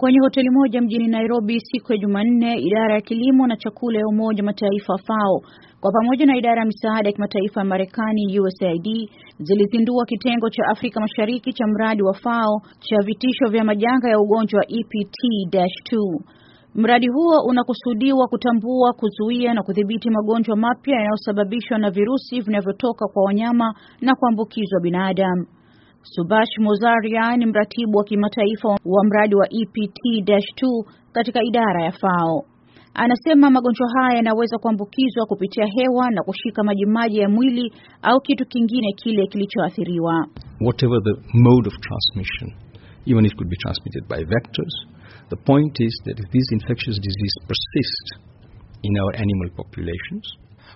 Kwenye hoteli moja mjini Nairobi siku ya Jumanne, idara ya kilimo na chakula ya Umoja Mataifa FAO kwa pamoja na idara ya misaada ya kimataifa ya Marekani USAID zilizindua kitengo cha Afrika Mashariki cha mradi wa FAO cha vitisho vya majanga ya ugonjwa wa EPT-2. Mradi huo unakusudiwa kutambua, kuzuia na kudhibiti magonjwa mapya yanayosababishwa na virusi vinavyotoka kwa wanyama na kuambukizwa binadamu. Subash Mozaria ni mratibu wa kimataifa wa mradi wa EPT-2 katika idara ya FAO. Anasema magonjwa haya yanaweza kuambukizwa kupitia hewa na kushika majimaji ya mwili au kitu kingine kile kilichoathiriwa. Whatever the mode of transmission, even it could be transmitted by vectors, the point is that if these infectious diseases persist in our animal populations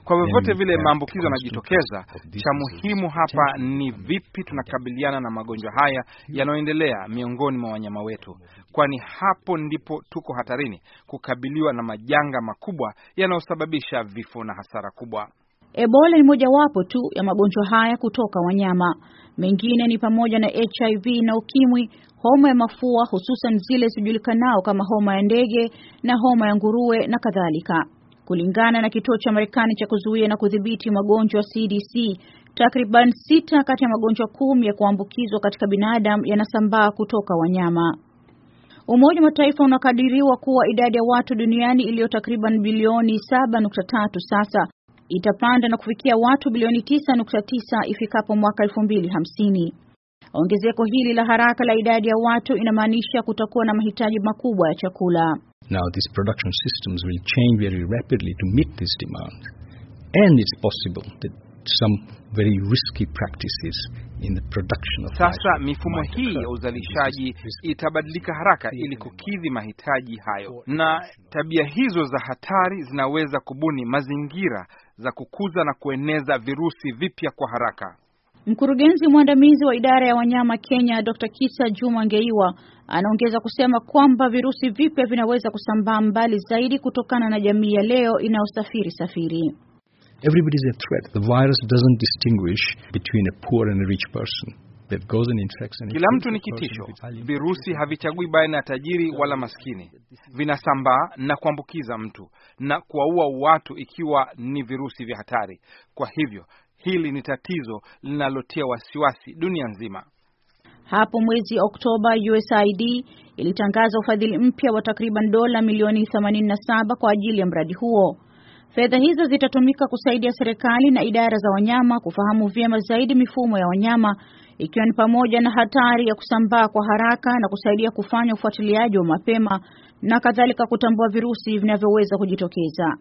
kwa vyovyote vile maambukizo yanajitokeza, cha muhimu hapa ni vipi tunakabiliana na magonjwa haya yanayoendelea miongoni mwa wanyama wetu, kwani hapo ndipo tuko hatarini kukabiliwa na majanga makubwa yanayosababisha vifo na hasara kubwa. Ebola ni mojawapo tu ya magonjwa haya kutoka wanyama. Mengine ni pamoja na HIV na ukimwi, homa ya mafua, hususan zile zijulikanao kama homa ya ndege na homa ya nguruwe na kadhalika. Kulingana na kituo cha Marekani cha kuzuia na kudhibiti magonjwa CDC, takriban sita kati ya magonjwa kumi ya kuambukizwa katika binadamu yanasambaa kutoka wanyama. Umoja wa Mataifa unakadiriwa kuwa idadi ya watu duniani iliyo takriban bilioni 7.3 sasa itapanda na kufikia watu bilioni 9.9 ifikapo mwaka 2050. Ongezeko hili la haraka la idadi ya watu inamaanisha kutakuwa na mahitaji makubwa ya chakula. Now, these production systems will change very rapidly to meet this demand. And it's possible that some very risky practices in the production of Sasa mifumo hii ya uzalishaji itabadilika haraka ili kukidhi mahitaji hayo, na tabia hizo za hatari zinaweza kubuni mazingira za kukuza na kueneza virusi vipya kwa haraka. Mkurugenzi mwandamizi wa idara ya wanyama Kenya, Dr. Kisa Juma Ngeiwa anaongeza kusema kwamba virusi vipya vinaweza kusambaa mbali zaidi kutokana na jamii ya leo inayosafiri safiri. Everybody is a threat. The virus doesn't distinguish between a poor and a rich person. Kila mtu ni kitisho. Virusi havichagui baina ya tajiri wala maskini, vinasambaa na kuambukiza mtu na kuwaua watu, ikiwa ni virusi vya hatari. Kwa hivyo Hili ni tatizo linalotia wasiwasi dunia nzima. Hapo mwezi Oktoba, USAID ilitangaza ufadhili mpya wa takriban dola milioni 87 kwa ajili ya mradi huo. Fedha hizo zitatumika kusaidia serikali na idara za wanyama kufahamu vyema zaidi mifumo ya wanyama, ikiwa ni pamoja na hatari ya kusambaa kwa haraka na kusaidia kufanya ufuatiliaji wa mapema na kadhalika, kutambua virusi vinavyoweza kujitokeza.